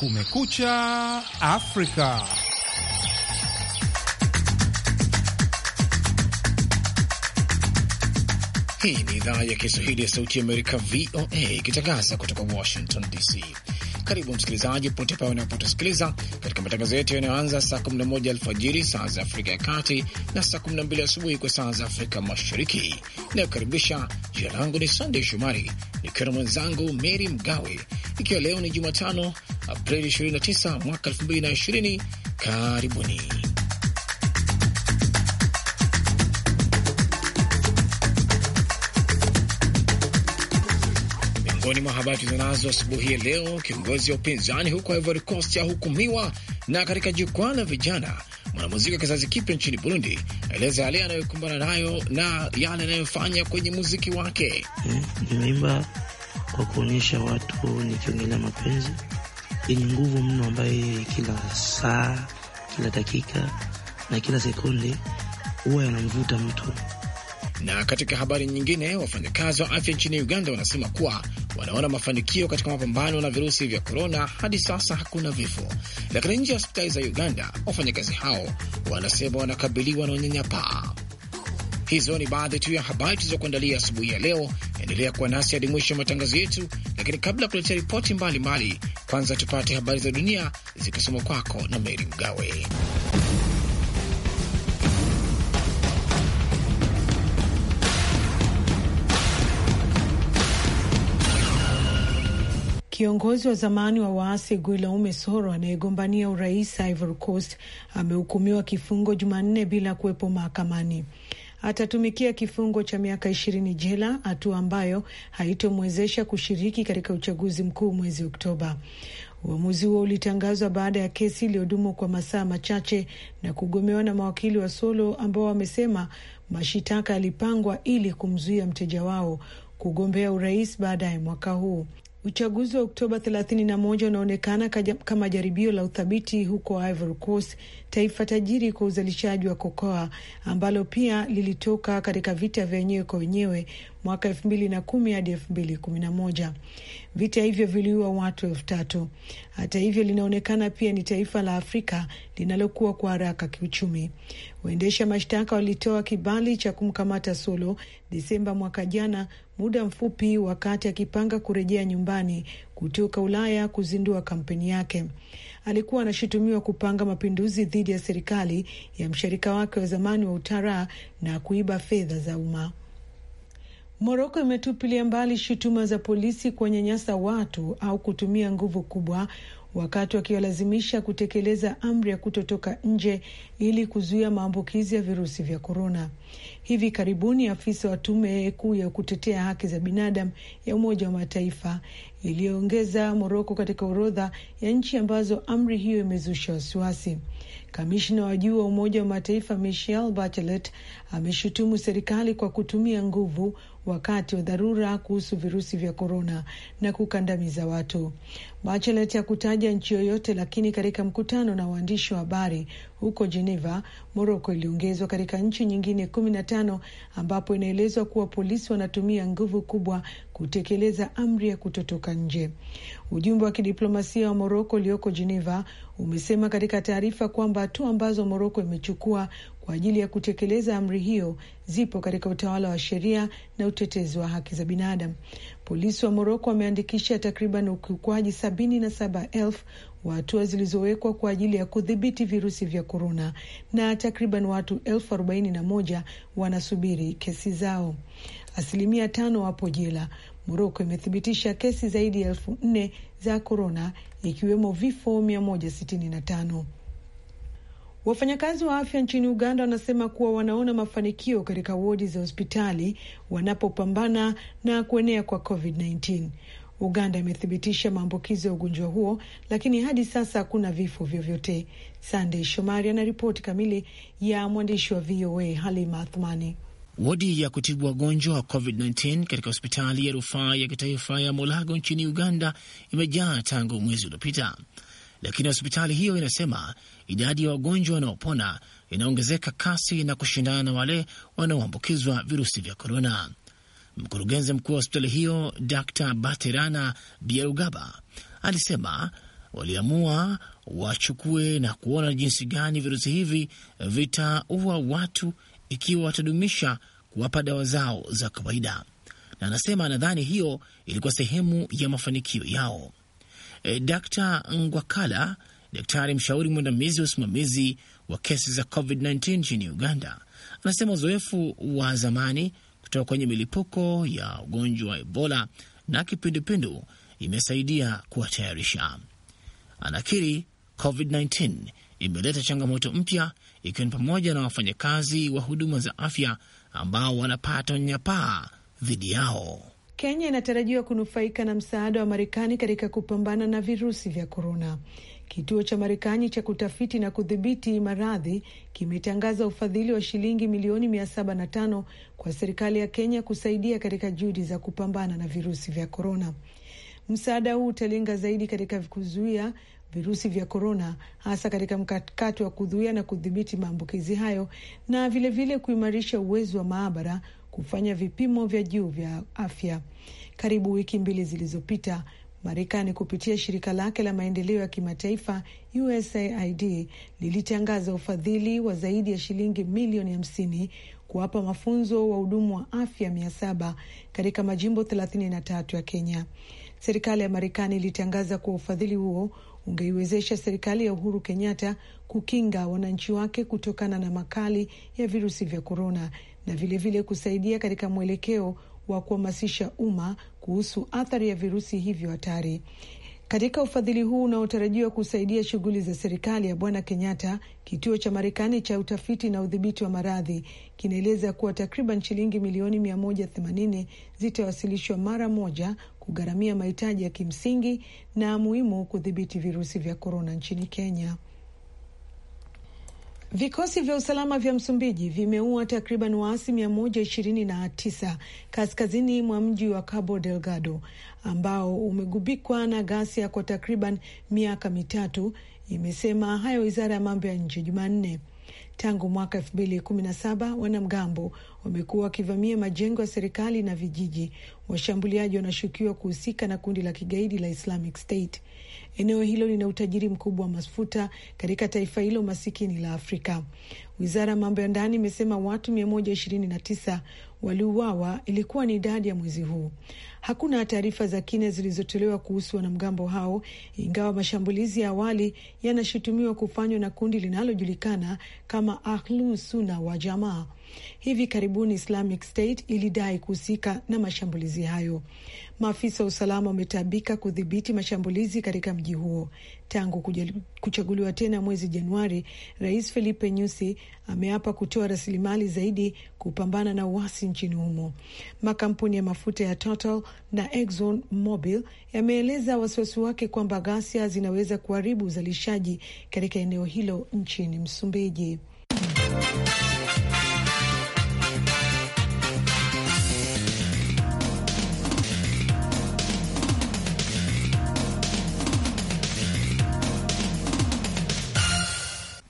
Kumekucha Afrika. Hii ni idhaa ya Kiswahili ya Sauti ya Amerika, VOA, ikitangaza kutoka Washington DC. Karibu msikilizaji, popote pale unapotusikiliza katika matangazo yetu yanayoanza saa 11 alfajiri saa za Afrika ya Kati na saa 12 asubuhi kwa saa za Afrika Mashariki. Inayokaribisha, jina langu ni Sandey Shomari nikiwa na mwenzangu mery Mgawe, ikiwa leo ni Jumatano Aprili 29 mwaka 2020. Karibuni. Miongoni mwa habari tulizonazo asubuhi ya leo, kiongozi wa upinzani huko Ivory Coast ahukumiwa. Na katika jukwaa la vijana, mwanamuziki wa kizazi kipya nchini Burundi aeleza yale anayokumbana nayo na yale anayofanya kwenye muziki wake. Eh, Nimeimba kwa kuonyesha watu nikiongelea mapenzi yenye nguvu mno, ambaye kila saa, kila dakika na kila sekunde huwa yanamvuta mtu. Na katika habari nyingine, wafanyakazi wa afya nchini Uganda wanasema kuwa wanaona mafanikio katika mapambano na virusi vya korona. Hadi sasa hakuna vifo, lakini nje ya hospitali za Uganda wafanyakazi hao wanasema wanakabiliwa na unyanyapaa. Hizo ni baadhi tu ya habari tulizokuandalia asubuhi ya leo. Endelea kuwa nasi hadi mwisho wa matangazo yetu, lakini kabla ya kuletea ripoti mbalimbali, kwanza tupate habari za dunia zikisoma kwako na Meri Mgawe. Kiongozi wa zamani wa waasi Guillaume Soro anayegombania urais Ivory Coast amehukumiwa kifungo Jumanne bila kuwepo mahakamani atatumikia kifungo cha miaka ishirini jela, hatua ambayo haitomwezesha kushiriki katika uchaguzi mkuu mwezi Oktoba. Uamuzi huo ulitangazwa baada ya kesi iliyodumu kwa masaa machache na kugomewa na mawakili wa Solo ambao wamesema mashitaka yalipangwa ili kumzuia mteja wao kugombea urais baadaye mwaka huu. Uchaguzi wa Oktoba 31 unaonekana kama jaribio la uthabiti huko Ivory Coast, taifa tajiri kwa uzalishaji wa kokoa ambalo pia lilitoka katika vita vya wenyewe kwa wenyewe mwaka elfu mbili na kumi hadi elfu mbili kumi na moja. Vita hivyo viliua watu elfu tatu. Hata hivyo, linaonekana pia ni taifa la Afrika linalokuwa kwa haraka kiuchumi. Waendesha mashtaka walitoa kibali cha kumkamata Solo Desemba mwaka jana, muda mfupi wakati akipanga kurejea nyumbani kutoka Ulaya kuzindua kampeni yake. Alikuwa anashutumiwa kupanga mapinduzi dhidi ya serikali ya mshirika wake wa zamani wa Utara na kuiba fedha za umma. Moroko imetupilia mbali shutuma za polisi kuwanyanyasa watu au kutumia nguvu kubwa wakati wakiwalazimisha kutekeleza amri ya kutotoka nje ili kuzuia maambukizi ya virusi vya korona. Hivi karibuni afisa wa tume kuu ya kutetea haki za binadamu ya Umoja wa Mataifa iliyoongeza Moroko katika orodha ya nchi ambazo amri hiyo imezusha wasiwasi. Kamishna wa juu wa Umoja wa Mataifa michel Bachelet ameshutumu serikali kwa kutumia nguvu wakati wa dharura kuhusu virusi vya korona na kukandamiza watu. Bachelet hakutaja nchi yoyote, lakini katika mkutano na waandishi wa habari huko Geneva, Moroko iliongezwa katika nchi nyingine kumi na tano ambapo inaelezwa kuwa polisi wanatumia nguvu kubwa kutekeleza amri ya kutotoka nje. Ujumbe wa kidiplomasia wa Moroko ulioko Geneva umesema katika taarifa kwamba hatua ambazo Moroko imechukua kwa ajili ya kutekeleza amri hiyo zipo katika utawala wa sheria na utetezi wa haki za binadamu. Polisi wa Moroko wameandikisha takriban ukiukwaji sabini na saba elfu wa hatua zilizowekwa kwa ajili ya kudhibiti virusi vya korona na takriban watu elfu arobaini na moja wanasubiri kesi zao. Asilimia tano wapo jela. Moroko imethibitisha kesi zaidi ya elfu nne za korona ikiwemo vifo mia moja sitini na tano. Wafanyakazi wa afya nchini Uganda wanasema kuwa wanaona mafanikio katika wodi za hospitali wanapopambana na kuenea kwa COVID-19. Uganda imethibitisha maambukizo ya ugonjwa huo, lakini hadi sasa hakuna vifo vyovyote. Sandey Shomari ana ripoti kamili ya mwandishi wa VOA Halima Athmani. Wodi ya kutibu wagonjwa wa COVID-19 katika hospitali ya rufaa ya kitaifa ya Mulago nchini Uganda imejaa tangu mwezi uliopita lakini hospitali hiyo inasema idadi ya wagonjwa wanaopona inaongezeka kasi na kushindana na wale wanaoambukizwa virusi vya korona. Mkurugenzi mkuu wa hospitali hiyo Dr Baterana bierugaba alisema waliamua wachukue na kuona jinsi gani virusi hivi vitaua watu ikiwa watadumisha kuwapa dawa zao za kawaida, na anasema, nadhani hiyo ilikuwa sehemu ya mafanikio yao. E, Ngwakala, daktari mshauri mwandamizi wa usimamizi wa kesi za COVID-19 nchini Uganda, anasema uzoefu wa zamani kutoka kwenye milipuko ya ugonjwa wa Ebola na kipindupindu imesaidia kuwatayarisha. Anakiri COVID-19 imeleta changamoto mpya, ikiwa ni pamoja na wafanyakazi wa huduma za afya ambao wanapata unyanyapaa dhidi yao. Kenya inatarajiwa kunufaika na msaada wa Marekani katika kupambana na virusi vya korona. Kituo cha Marekani cha kutafiti na kudhibiti maradhi kimetangaza ufadhili wa shilingi milioni 705 kwa serikali ya Kenya kusaidia katika juhudi za kupambana na virusi vya korona. Msaada huu utalenga zaidi katika kuzuia virusi vya korona, hasa katika mkakati wa kuzuia na kudhibiti maambukizi hayo na vilevile vile kuimarisha uwezo wa maabara kufanya vipimo vya juu vya afya. Karibu wiki mbili zilizopita, Marekani kupitia shirika lake la maendeleo ya kimataifa USAID lilitangaza ufadhili wa zaidi ya shilingi milioni hamsini kuwapa mafunzo wa hudumu wa afya mia saba katika majimbo 33 ya Kenya. Serikali ya Marekani ilitangaza kuwa ufadhili huo ungeiwezesha serikali ya Uhuru Kenyatta kukinga wananchi wake kutokana na makali ya virusi vya korona na vilevile vile kusaidia katika mwelekeo wa kuhamasisha umma kuhusu athari ya virusi hivyo hatari. Katika ufadhili huu unaotarajiwa kusaidia shughuli za serikali ya Bwana Kenyatta, kituo cha Marekani cha utafiti na udhibiti wa maradhi kinaeleza kuwa takriban shilingi milioni 180 zitawasilishwa mara moja kugharamia mahitaji ya kimsingi na muhimu kudhibiti virusi vya korona nchini Kenya. Vikosi vya usalama vya Msumbiji vimeua takriban waasi 129 kaskazini mwa mji wa Cabo Delgado ambao umegubikwa na ghasia kwa takriban miaka mitatu, imesema hayo wizara ya mambo ya nje Jumanne. Tangu mwaka elfu wanamgambo wamekuwa wakivamia majengo ya serikali na vijiji. Washambuliaji wanashukiwa kuhusika na kundi la kigaidi la Islamic State. Eneo hilo lina utajiri mkubwa wa mafuta katika taifa hilo masikini la Afrika. Wizara ya mambo ya ndani imesema watu 129 waliuawa, ilikuwa ni idadi ya mwezi huu. Hakuna taarifa za kina zilizotolewa kuhusu wanamgambo hao, ingawa mashambulizi ya awali yanashutumiwa kufanywa na kundi linalojulikana kama Ahlu Suna wa Jamaa. Hivi karibuni Islamic State ilidai kuhusika na mashambulizi hayo. Maafisa wa usalama wametaabika kudhibiti mashambulizi katika mji huo. Tangu kuchaguliwa tena mwezi Januari, Rais Filipe Nyusi ameapa kutoa rasilimali zaidi kupambana na uasi nchini humo. Makampuni ya mafuta ya Total na Exxon Mobil yameeleza wasiwasi wake kwamba ghasia zinaweza kuharibu uzalishaji katika eneo hilo nchini Msumbiji.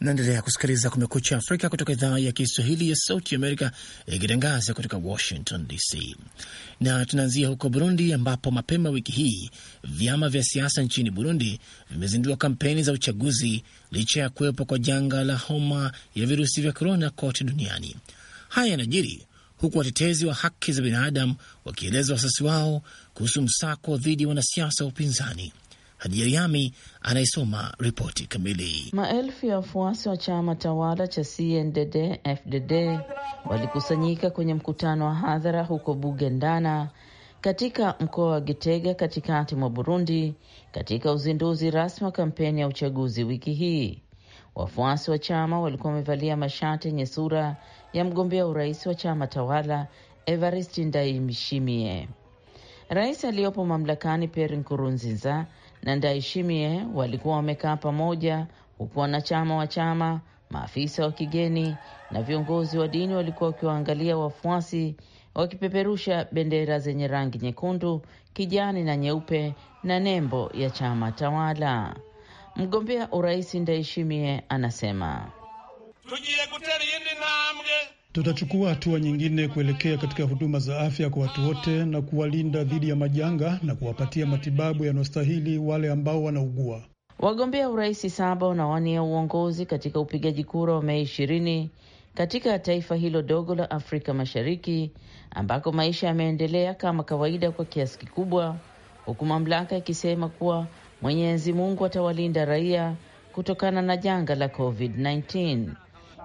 Naendelea kusikiliza Kumekucha Afrika kutoka idhaa ya Kiswahili ya Sauti Amerika ikitangaza kutoka Washington DC, na tunaanzia huko Burundi ambapo mapema wiki hii vyama vya siasa nchini Burundi vimezindua kampeni za uchaguzi licha ya kuwepo kwa janga la homa ya virusi vya korona kote duniani. Haya yanajiri huku watetezi wa haki za binadamu wakieleza wasiwasi wao kuhusu msako dhidi ya wanasiasa wa upinzani. Hadija anayesoma ripoti kamili. Maelfu ya wafuasi wa chama tawala cha CNDD-FDD walikusanyika kwenye mkutano wa hadhara huko Bugendana katika mkoa wa Gitega katikati mwa Burundi katika uzinduzi rasmi wa kampeni ya uchaguzi wiki hii. Wafuasi wa chama walikuwa wamevalia mashati yenye sura ya mgombea urais wa chama tawala Evariste Ndayishimiye. Rais aliyopo mamlakani Pierre Nkurunziza na Ndayishimiye walikuwa wamekaa pamoja, huku wanachama wa chama, maafisa wa kigeni na viongozi wa dini walikuwa wakiwaangalia wafuasi wakipeperusha bendera zenye rangi nyekundu, kijani na nyeupe na nembo ya chama tawala. Mgombea urais ndaishimie anasema tujiye ntambwe Tutachukua hatua nyingine kuelekea katika huduma za afya kwa watu wote na kuwalinda dhidi ya majanga na kuwapatia matibabu yanayostahili wale ambao wanaugua. Wagombea urais saba wanawania uongozi katika upigaji kura wa Mei ishirini katika taifa hilo dogo la Afrika Mashariki ambako maisha yameendelea kama kawaida kwa kiasi kikubwa, huku mamlaka ikisema kuwa Mwenyezi Mungu atawalinda raia kutokana na janga la COVID-19.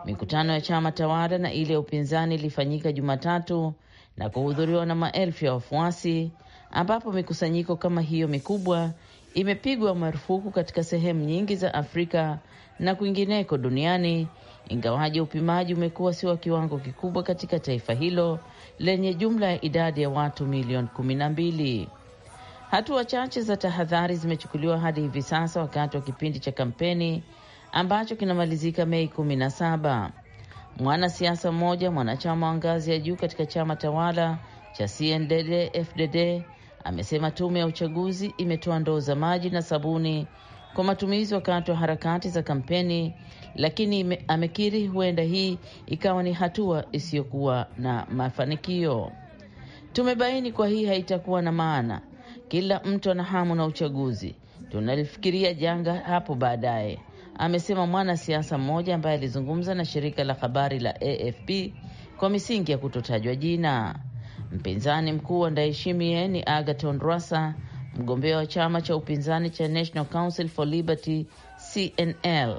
Mikutano ya chama tawala na ile ya upinzani ilifanyika Jumatatu na kuhudhuriwa na maelfu ya wafuasi, ambapo mikusanyiko kama hiyo mikubwa imepigwa marufuku katika sehemu nyingi za Afrika na kwingineko duniani, ingawaji upimaji umekuwa si wa kiwango kikubwa katika taifa hilo lenye jumla ya idadi ya watu milioni kumi na mbili. Hatua chache za tahadhari zimechukuliwa hadi hivi sasa wakati wa kipindi cha kampeni ambacho kinamalizika Mei kumi na saba. Mwanasiasa mmoja mwanachama wa ngazi ya juu katika chama tawala cha CNDD-FDD amesema tume ya uchaguzi imetoa ndoo za maji na sabuni kwa matumizi wakati wa harakati za kampeni, lakini amekiri huenda hii ikawa ni hatua isiyokuwa na mafanikio. Tumebaini kwa hii haitakuwa na maana, kila mtu ana hamu na uchaguzi, tunalifikiria janga hapo baadaye, amesema mwanasiasa mmoja ambaye alizungumza na shirika la habari la AFP kwa misingi ya kutotajwa jina. Mpinzani mkuu wa Ndayishimiye ni agaton Rwasa, mgombea wa chama cha upinzani cha National Council for Liberty CNL.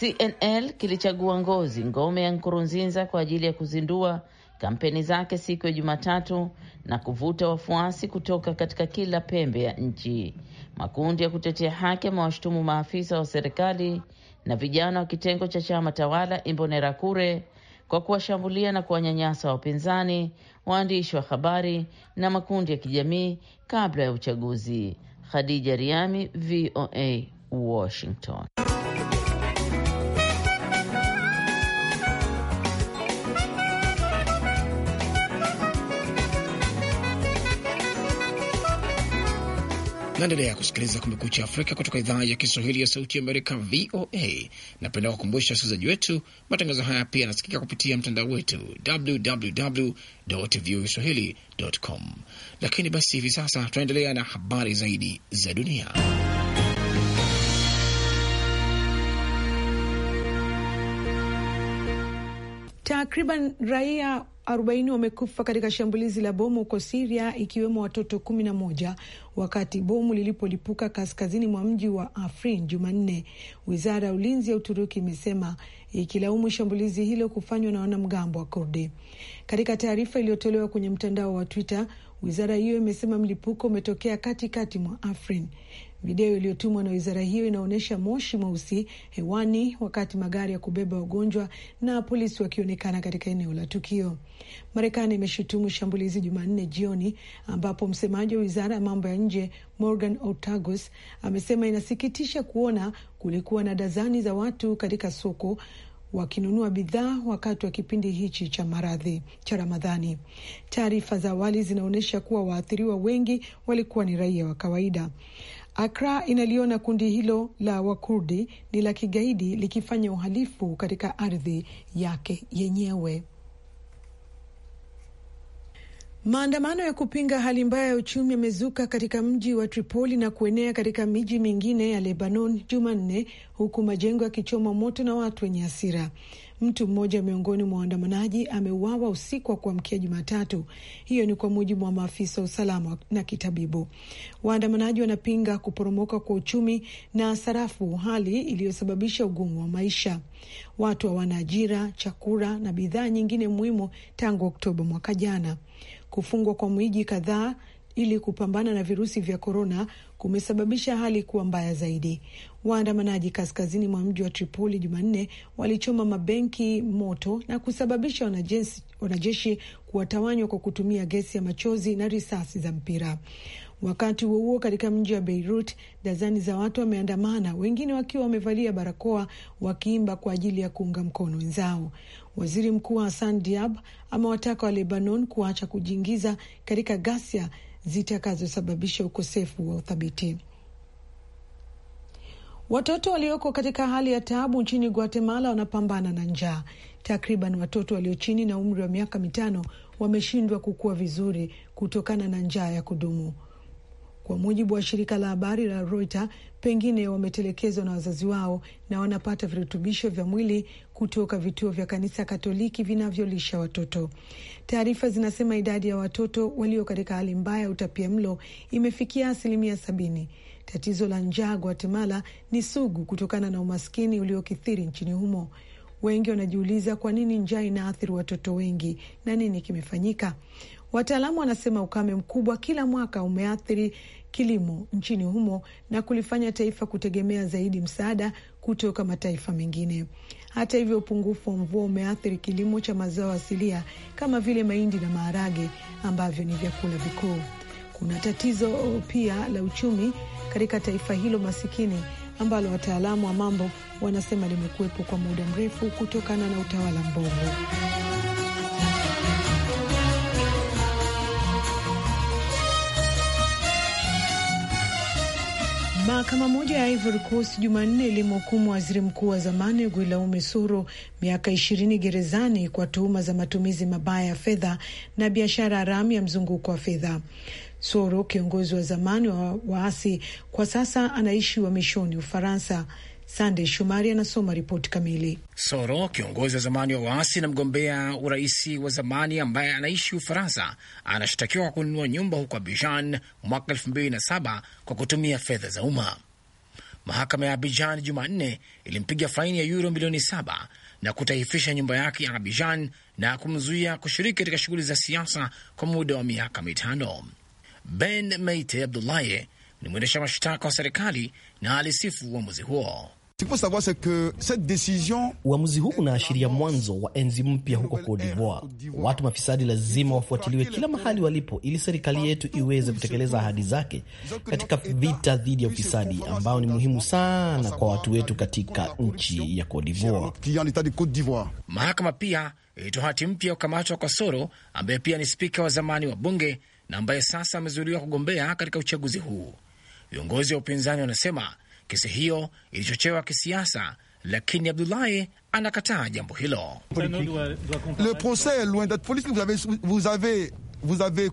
CNL kilichagua Ngozi Ngome ya Nkurunziza kwa ajili ya kuzindua kampeni zake siku ya Jumatatu na kuvuta wafuasi kutoka katika kila pembe ya nchi. Makundi ya kutetea haki yamewashutumu maafisa wa serikali na vijana wa kitengo cha chama tawala Imbonerakure kwa kuwashambulia na kuwanyanyasa wapinzani, waandishi wa habari na makundi ya kijamii kabla ya uchaguzi. Khadija Riami, VOA, Washington. Naendelea kusikiliza Kumekucha Afrika kutoka idhaa ya Kiswahili ya Sauti Amerika, VOA. Napenda kukumbusha wasikilizaji wetu matangazo haya pia yanasikika kupitia mtandao wetu www voa swahili com. Lakini basi hivi sasa tunaendelea na habari zaidi za dunia. Takriban raia 40 wamekufa katika shambulizi la bomu huko Siria, ikiwemo watoto 11 wakati bomu lilipolipuka kaskazini mwa mji wa Afrin Jumanne, wizara ya ulinzi ya Uturuki imesema ikilaumu shambulizi hilo kufanywa na wanamgambo wa Kurdi. Katika taarifa iliyotolewa kwenye mtandao wa Twitter, wizara hiyo imesema mlipuko umetokea katikati mwa Afrin. Video iliyotumwa na wizara hiyo inaonyesha moshi mweusi hewani wakati magari ya kubeba wagonjwa na polisi wakionekana katika eneo la tukio. Marekani imeshutumu shambulizi Jumanne jioni, ambapo msemaji wa wizara ya mambo ya nje Morgan Otagus amesema inasikitisha kuona kulikuwa na dazani za watu katika soko wakinunua bidhaa wakati wa kipindi hichi cha maradhi cha Ramadhani. Taarifa za awali zinaonyesha kuwa waathiriwa wengi walikuwa ni raia wa kawaida. Akra inaliona kundi hilo la Wakurdi ni la kigaidi likifanya uhalifu katika ardhi yake yenyewe. Maandamano ya kupinga hali mbaya ya uchumi yamezuka katika mji wa Tripoli na kuenea katika miji mingine ya Lebanon Jumanne, huku majengo yakichomwa moto na watu wenye hasira. Mtu mmoja miongoni mwa waandamanaji ameuawa usiku wa kuamkia Jumatatu. Hiyo ni kwa mujibu wa maafisa wa usalama na kitabibu. Waandamanaji wanapinga kuporomoka kwa uchumi na sarafu, hali iliyosababisha ugumu wa maisha. Watu hawana ajira, chakula na bidhaa nyingine muhimu tangu Oktoba mwaka jana. Kufungwa kwa miji kadhaa ili kupambana na virusi vya korona kumesababisha hali kuwa mbaya zaidi. Waandamanaji kaskazini mwa mji wa Tripoli Jumanne walichoma mabenki moto na kusababisha wanajeshi, wanajeshi kuwatawanywa kwa kutumia gesi ya machozi na risasi za mpira. Wakati huo huo, katika mji wa Beirut dazani za watu wameandamana, wengine wakiwa wamevalia barakoa, wakiimba kwa ajili ya kuunga mkono wenzao. Waziri Mkuu Hassan Diab amewataka wa Lebanon kuacha kujiingiza katika ghasia zitakazosababisha ukosefu wa uthabiti. Watoto walioko katika hali ya taabu nchini Guatemala wanapambana na njaa. Takriban watoto walio chini na umri wa miaka mitano wameshindwa kukua vizuri kutokana na njaa ya kudumu. Kwa mujibu wa shirika la habari la Reuters, pengine wametelekezwa na wazazi wao na wanapata virutubisho vya mwili kutoka vituo vya kanisa Katoliki vinavyolisha watoto. Taarifa zinasema idadi ya watoto walio katika hali mbaya ya utapia mlo imefikia asilimia sabini. Tatizo la njaa Guatemala ni sugu kutokana na umaskini uliokithiri nchini humo. Wengi wanajiuliza kwa nini njaa inaathiri watoto wengi na nini kimefanyika. Wataalamu wanasema ukame mkubwa kila mwaka umeathiri kilimo nchini humo na kulifanya taifa kutegemea zaidi msaada kutoka mataifa mengine. Hata hivyo, upungufu wa mvua umeathiri kilimo cha mazao asilia kama vile mahindi na maharage ambavyo ni vyakula vikuu. Kuna tatizo pia la uchumi katika taifa hilo masikini ambalo wataalamu wa mambo wanasema limekuwepo kwa muda mrefu kutokana na utawala mbovu. Mahakama moja ya Ivory Coast Jumanne ilimhukumu waziri mkuu wa zamani Guillaume Soro miaka ishirini gerezani kwa tuhuma za matumizi mabaya ya fedha na biashara haramu ya mzunguko wa fedha. Soro, kiongozi wa zamani wa waasi, kwa sasa anaishi uhamishoni Ufaransa. Sandey Shumari anasoma ripoti kamili. Soro, kiongozi wa zamani wa waasi na mgombea urais wa zamani ambaye anaishi Ufaransa, anashtakiwa kwa kununua nyumba huko Abijan mwaka elfu mbili na saba kwa kutumia fedha za umma. Mahakama ya Abijan Jumanne ilimpiga faini ya yuro milioni saba na kutaifisha nyumba yake ya Abijan na kumzuia kushiriki katika shughuli za siasa kwa muda wa miaka mitano. Ben Meite Abdulaye ni mwendesha mashtaka wa serikali na alisifu uamuzi huo. Uamuzi huu unaashiria mwanzo wa enzi mpya huko Cote d'Ivoire. Watu mafisadi lazima wafuatiliwe kila mahali walipo, ili serikali yetu iweze kutekeleza ahadi zake katika vita dhidi ya ufisadi, ambao ni muhimu sana kwa watu wetu katika nchi ya Cote d'Ivoire. Mahakama pia ilitoa hati mpya ya kukamatwa kwa Soro ambaye pia ni spika wa zamani wa bunge na ambaye sasa amezuiliwa kugombea katika uchaguzi huu. Viongozi wa upinzani wanasema Kesi hiyo ilichochewa kisiasa, lakini Abdulahi anakataa jambo hilo. Le procès est loin d'être politique, vous avez, vous avez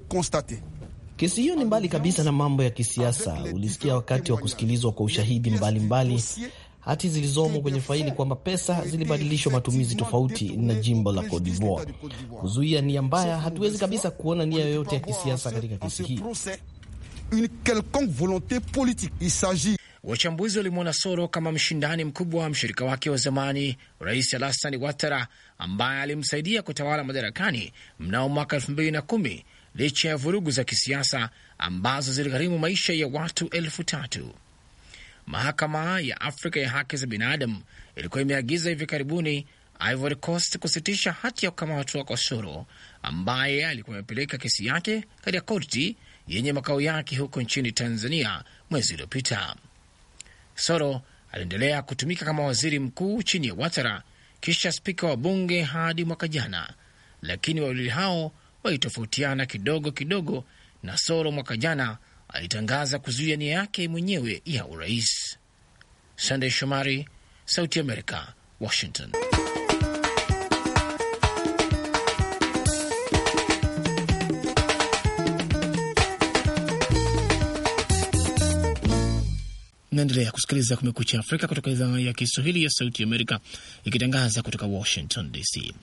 Kesi hiyo ni mbali kabisa na mambo ya kisiasa. Ulisikia wakati wa kusikilizwa kwa ushahidi mbalimbali mbali, hati zilizomo kwenye faili kwamba pesa zilibadilishwa matumizi tofauti na jimbo la Cote d'Ivoire. Kuzuia nia mbaya, hatuwezi kabisa kuona nia yoyote ya kisiasa katika kesi hii. Wachambuzi walimwona Soro kama mshindani mkubwa wa mshirika wake wa zamani Rais Alassani Watara, ambaye alimsaidia kutawala madarakani mnamo mwaka elfu mbili na kumi licha ya vurugu za kisiasa ambazo ziligharimu maisha ya watu elfu tatu. Mahakama ya Afrika ya Haki za Binadamu ilikuwa imeagiza hivi karibuni Ivory Coast kusitisha hati ya kukamatwa kwa Soro ambaye alikuwa amepeleka kesi yake katika korti yenye makao yake huko nchini Tanzania mwezi uliopita. Soro aliendelea kutumika kama waziri mkuu chini ya Watara, kisha spika wa bunge hadi mwaka jana, lakini wawili hao walitofautiana kidogo kidogo, na Soro mwaka jana alitangaza kuzuia nia yake mwenyewe ya urais. Sandey Shomari, Sauti Amerika, Washington. naendelea kusikiliza Kumekucha Afrika kutoka idhaa ya Kiswahili ya Sauti Amerika ikitangaza kutoka Washington DC.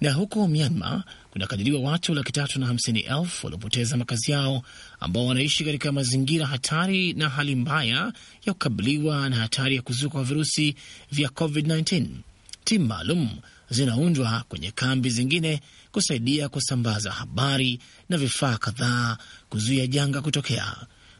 Na huko Myanmar kunakadiriwa watu laki tatu na hamsini elfu waliopoteza makazi yao ambao wanaishi katika mazingira hatari na hali mbaya ya kukabiliwa na hatari ya kuzuka kwa virusi vya COVID-19. Timu maalum zinaundwa kwenye kambi zingine kusaidia kusambaza habari na vifaa kadhaa kuzuia janga kutokea.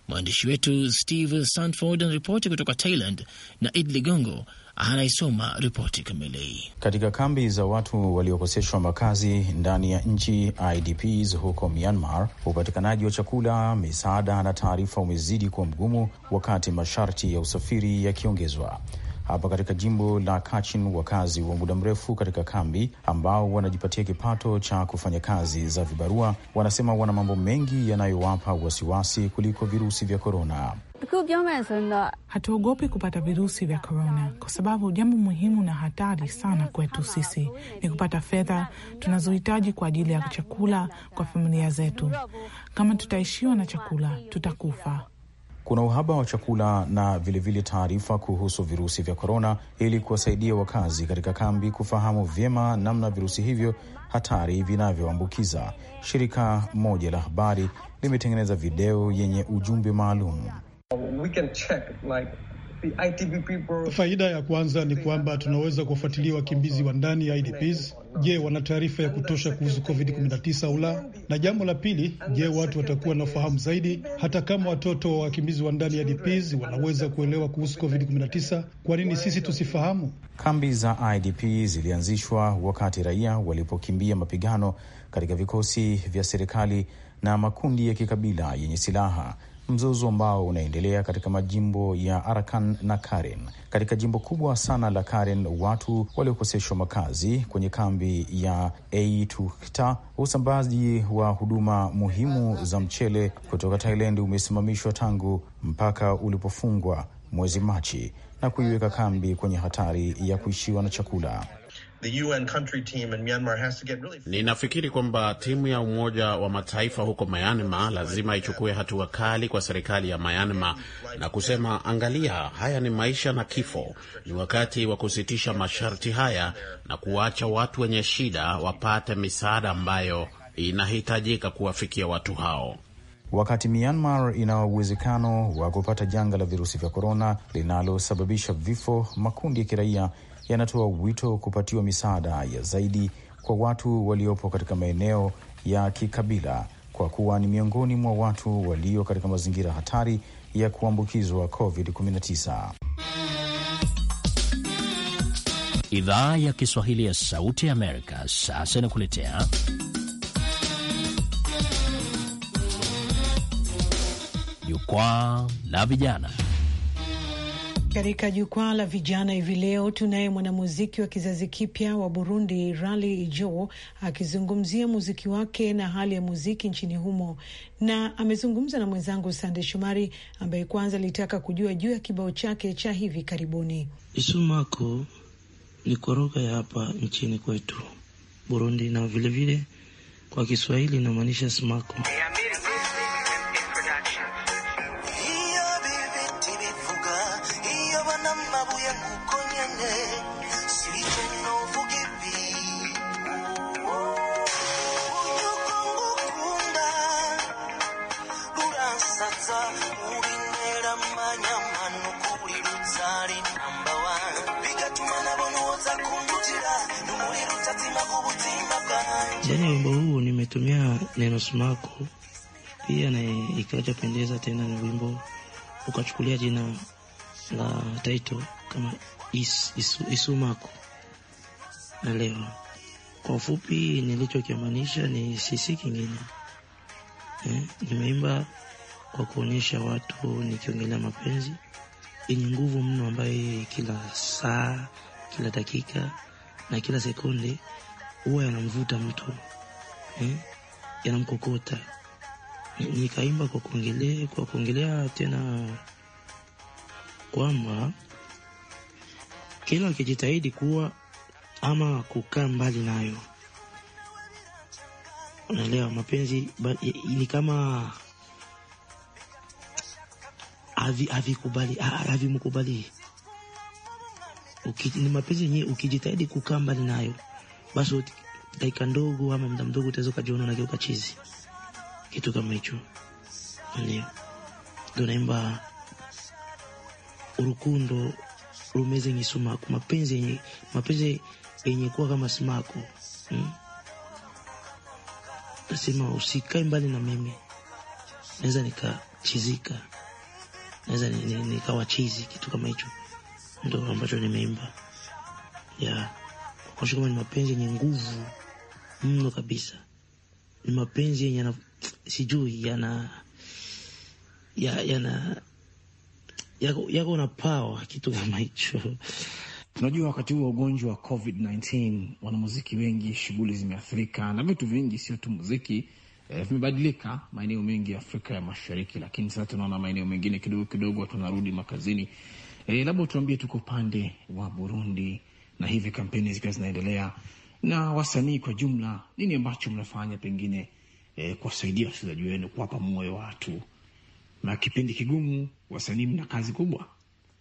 Mwandishi wetu Steve Sanford anaripoti kutoka Thailand na Id Ligongo anaisoma ripoti kamili. Katika kambi za watu waliokoseshwa makazi ndani ya nchi IDPs huko Myanmar, upatikanaji wa chakula, misaada na taarifa umezidi kuwa mgumu, wakati masharti ya usafiri yakiongezwa hapa katika jimbo la Kachin, wakazi wa muda mrefu katika kambi ambao wanajipatia kipato cha kufanya kazi za vibarua, wanasema wana mambo mengi yanayowapa wasiwasi kuliko virusi vya korona. Hatuogopi kupata virusi vya korona kwa sababu jambo muhimu na hatari sana kwetu sisi ni kupata fedha tunazohitaji kwa ajili ya chakula kwa familia zetu. Kama tutaishiwa na chakula, tutakufa kuna uhaba wa chakula na vilevile taarifa kuhusu virusi vya korona, ili kuwasaidia wakazi katika kambi kufahamu vyema namna virusi hivyo hatari vinavyoambukiza. Shirika moja la habari limetengeneza video yenye ujumbe maalum. We can check, like... Faida ya kwanza ni kwamba tunaweza kuwafuatilia wakimbizi wa ndani ya IDPs. Je, wana taarifa ya kutosha kuhusu COVID-19 au la? Na jambo la pili, je, watu watakuwa na ufahamu zaidi? Hata kama watoto wa wakimbizi wa ndani ya IDPs wanaweza kuelewa kuhusu COVID-19, kwa nini sisi tusifahamu? Kambi za IDP zilianzishwa wakati raia walipokimbia mapigano katika vikosi vya serikali na makundi ya kikabila yenye silaha mzozo ambao unaendelea katika majimbo ya Arakan na Karen. Katika jimbo kubwa sana la Karen, watu waliokoseshwa makazi kwenye kambi ya Eituhta, usambazaji wa huduma muhimu za mchele kutoka Thailand umesimamishwa tangu mpaka ulipofungwa mwezi Machi na kuiweka kambi kwenye hatari ya kuishiwa na chakula. The UN country team in Myanmar has to get really... Ninafikiri kwamba timu ya Umoja wa Mataifa huko Myanmar lazima ichukue hatua kali kwa serikali ya Myanmar na kusema, angalia, haya ni maisha na kifo, ni wakati wa kusitisha masharti haya na kuwacha watu wenye shida wapate misaada ambayo inahitajika kuwafikia watu hao. Wakati Myanmar ina uwezekano wa kupata janga la virusi vya korona linalosababisha vifo, makundi ya kiraia yanatoa wito kupatiwa misaada ya zaidi kwa watu waliopo katika maeneo ya kikabila kwa kuwa ni miongoni mwa watu walio katika mazingira hatari ya kuambukizwa COVID-19. Idhaa ya Kiswahili ya Sauti ya Amerika sasa inakuletea jukwaa la vijana. Katika jukwaa la vijana hivi leo tunaye mwanamuziki wa kizazi kipya wa Burundi, Rali Ijo, akizungumzia muziki wake na hali ya muziki nchini humo, na amezungumza na mwenzangu Sande Shomari ambaye kwanza alitaka kujua juu ya kibao chake cha hivi karibuni. Isumako ni koroga ya hapa nchini kwetu Burundi, na vilevile vile, kwa Kiswahili inamaanisha smako na ndani ya wimbo huu nimetumia neno sumaku pia na pendeza tena ni wimbo ukachukulia jina la taito kama is, is, Isumako nalewa. Kwa ufupi nilichokimaanisha ni sisi kingine eh, nimeimba kwa kuonyesha watu nikiongelea mapenzi yenye nguvu mno, ambaye kila saa, kila dakika na kila sekunde huwa yanamvuta mtu eh, yanamkokota. Nikaimba kwa kuongelea kwa kuongelea tena kwamba kila ukijitahidi kuwa ama kukaa mbali nayo, unaelewa, mapenzi ni kama havikubali havimkubali. Ni mapenzi yenyewe, ukijitahidi kukaa mbali nayo, basi dakika ndogo ama muda mdogo utaweza ukajiona unageuka chizi, kitu kama hicho. Ndio naimba urukundo rumeze ni sumaku mapenzi yenye mapenzi yenye kuwa kama sumaku hmm? Nasema usikae mbali na mimi, naweza nikachizika, naweza nikawa chizi, kitu kama hicho. Ndo ambacho nimeimba ya kuonyesha kama ni mapenzi yenye nguvu mno kabisa, ni mapenzi yenye sijui yana yana yako, yako na pawa kitu kama hicho. Tunajua wakati huu wa ugonjwa wa COVID-19 wanamuziki wengi shughuli zimeathirika na vitu vingi, sio tu muziki eh, vimebadilika maeneo mengi ya Afrika ya Mashariki, lakini sasa tunaona maeneo mengine kidogo kidogo tunarudi makazini. Eh, labda tuambie, tuko upande wa Burundi na hivi kampeni zikiwa zinaendelea na wasanii kwa jumla, nini ambacho mnafanya pengine eh, kuwasaidia wachezaji wenu, kuwapa moyo watu na kipindi kigumu, wasanii mna kazi kubwa,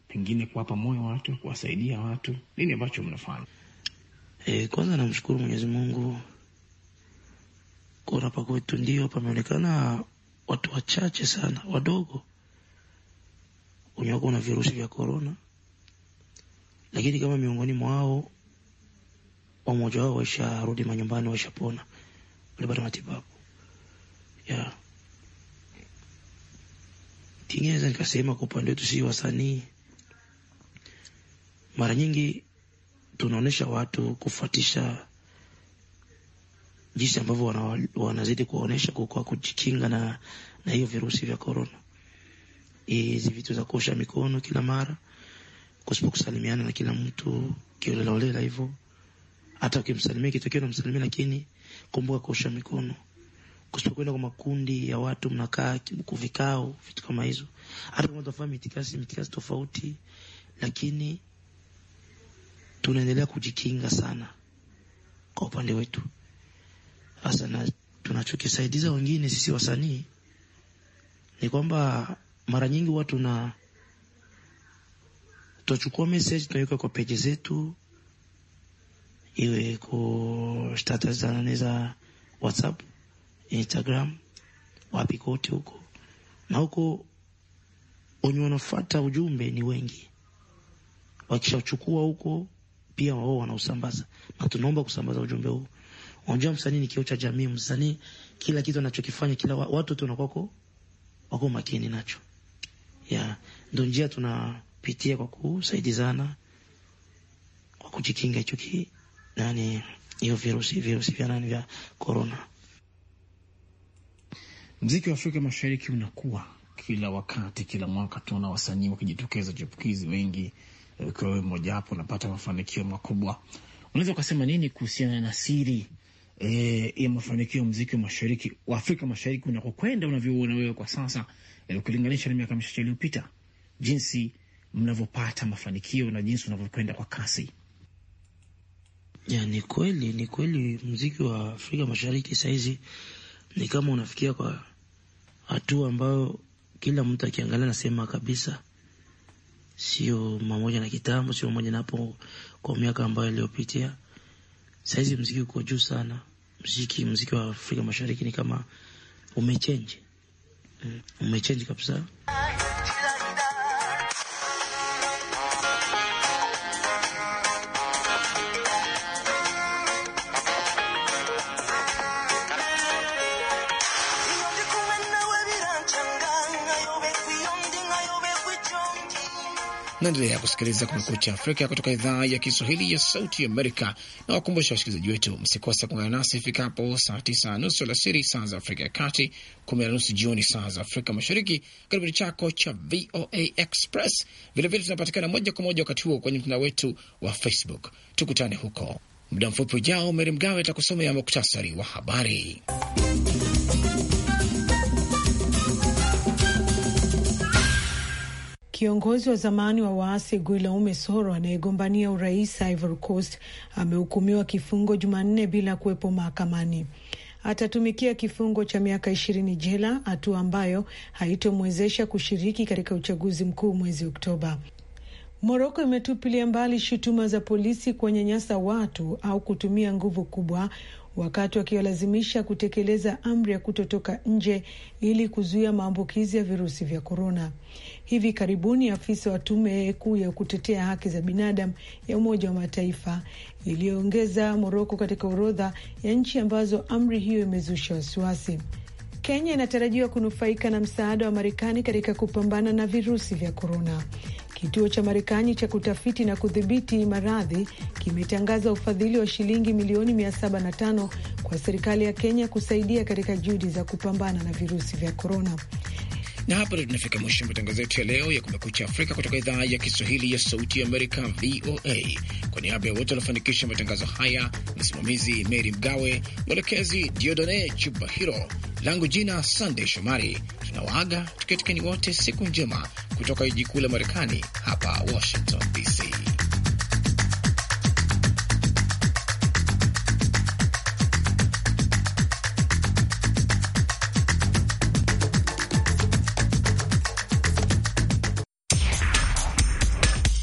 pengine kuwapa moyo watu, kuwasaidia watu, nini ambacho mnafanya? E, kwanza namshukuru Mwenyezi Mungu kurapa kwetu ndio pameonekana watu wachache sana wadogo wenyewakuwa na virusi vya korona, lakini kama miongoni mwao wamoja wao waisharudi manyumbani, waishapona, walipata matibabu ya yeah. Kingine nikasema kwa upande wetu sisi wasanii mara nyingi tunaonesha watu kufuatisha jinsi ambavyo wanazidi kuonesha kwa kujikinga na na hiyo virusi vya korona, Hizi vitu za kuosha mikono kila mara, kusipo kusalimiana na kila mtu kiolelaolela hivyo, hata ukimsalimia kitokeo namsalimia lakini kumbuka kuosha mikono kusipokwenda kwa makundi ya watu, mnakaa kuvikao, vitu kama hizo, hata kama tunafanya mitikasi mitikasi tofauti, lakini tunaendelea kujikinga sana kwa upande wetu. Sasa na tunachokisaidiza wengine sisi wasanii ni kwamba mara nyingi huwa tuna tunachukua message tunaweka kwa peji zetu, iwe kwa status za nani za WhatsApp Instagram, wapi kote huko, na huko wenye wanafuata ujumbe ni wengi. Wakishachukua huko pia wao wanausambaza, na tunaomba kusambaza ujumbe huu. Unajua, msanii ni kioo cha jamii. Msanii kila kitu anachokifanya, kila watu tu wanakuwa wako makini nacho. ya ndio njia tunapitia kwa kusaidizana, kwa kujikinga hicho ki nani hiyo virusi virusi vya nani vya corona. Mziki wa Afrika Mashariki unakuwa kila wakati, kila mwaka tunaona wasanii wakijitokeza chipukizi wengi. Eh, ukiwa wewe mmojawapo unapata mafanikio makubwa, unaweza ukasema nini kuhusiana na siri e, ya mafanikio ya mziki wa mashariki wa Afrika Mashariki unakokwenda, unavyouona wewe kwa sasa e, ukilinganisha na miaka michache iliyopita, jinsi mnavyopata mafanikio na jinsi unavyokwenda kwa kasi? Ya, ni kweli ni kweli, mziki wa Afrika Mashariki saizi ni kama unafikia kwa hatua ambayo kila mtu akiangalia nasema kabisa, sio mamoja na kitambo, sio mamoja na hapo kwa miaka ambayo iliyopitia. sahizi mziki uko juu sana, mziki mziki wa Afrika Mashariki ni kama umechenji, mm, umechenji kabisa. Naendelea kusikiliza Kumekucha Afrika kutoka idhaa ya Kiswahili ya Sauti Amerika, na wakumbusha wasikilizaji wetu msikose kuungana nasi ifikapo saa tisa na nusu alasiri saa za Afrika ya Kati, kumi na nusu jioni saa za Afrika Mashariki, kipindi chako cha VOA Express. Vilevile tunapatikana moja kwa moja wakati huo kwenye mtandao wetu wa Facebook. Tukutane huko muda mfupi ujao. Meri Mgawe atakusomea muktasari wa habari. Kiongozi wa zamani wa waasi Guillaume Soro anayegombania urais Ivory Coast amehukumiwa kifungo Jumanne bila kuwepo mahakamani. Atatumikia kifungo cha miaka ishirini jela, hatua ambayo haitomwezesha kushiriki katika uchaguzi mkuu mwezi Oktoba. Moroko imetupilia mbali shutuma za polisi kuwanyanyasa watu au kutumia nguvu kubwa wakati wakiwalazimisha kutekeleza amri ya kutotoka nje ili kuzuia maambukizi ya virusi vya korona. Hivi karibuni afisa wa tume kuu ya kutetea haki za binadamu ya Umoja wa Mataifa iliyoongeza Moroko katika orodha ya nchi ambazo amri hiyo imezusha wasiwasi. Kenya inatarajiwa kunufaika na msaada wa Marekani katika kupambana na virusi vya korona. Kituo cha Marekani cha kutafiti na kudhibiti maradhi kimetangaza ufadhili wa shilingi milioni 705 kwa serikali ya Kenya kusaidia katika juhudi za kupambana na virusi vya korona. Na hapa ndio tunafika mwisho matangazo yetu ya leo ya Kumekucha Afrika kutoka idhaa ya Kiswahili ya Sauti ya Amerika, VOA. Kwa niaba ya wote waliofanikisha matangazo haya, msimamizi Meri Mgawe, mwelekezi Diodone Chuba Hiro, langu jina Sandey Shomari. Tunawaaga tuketikeni wote, siku njema kutoka jiji kuu la Marekani, hapa Washington DC.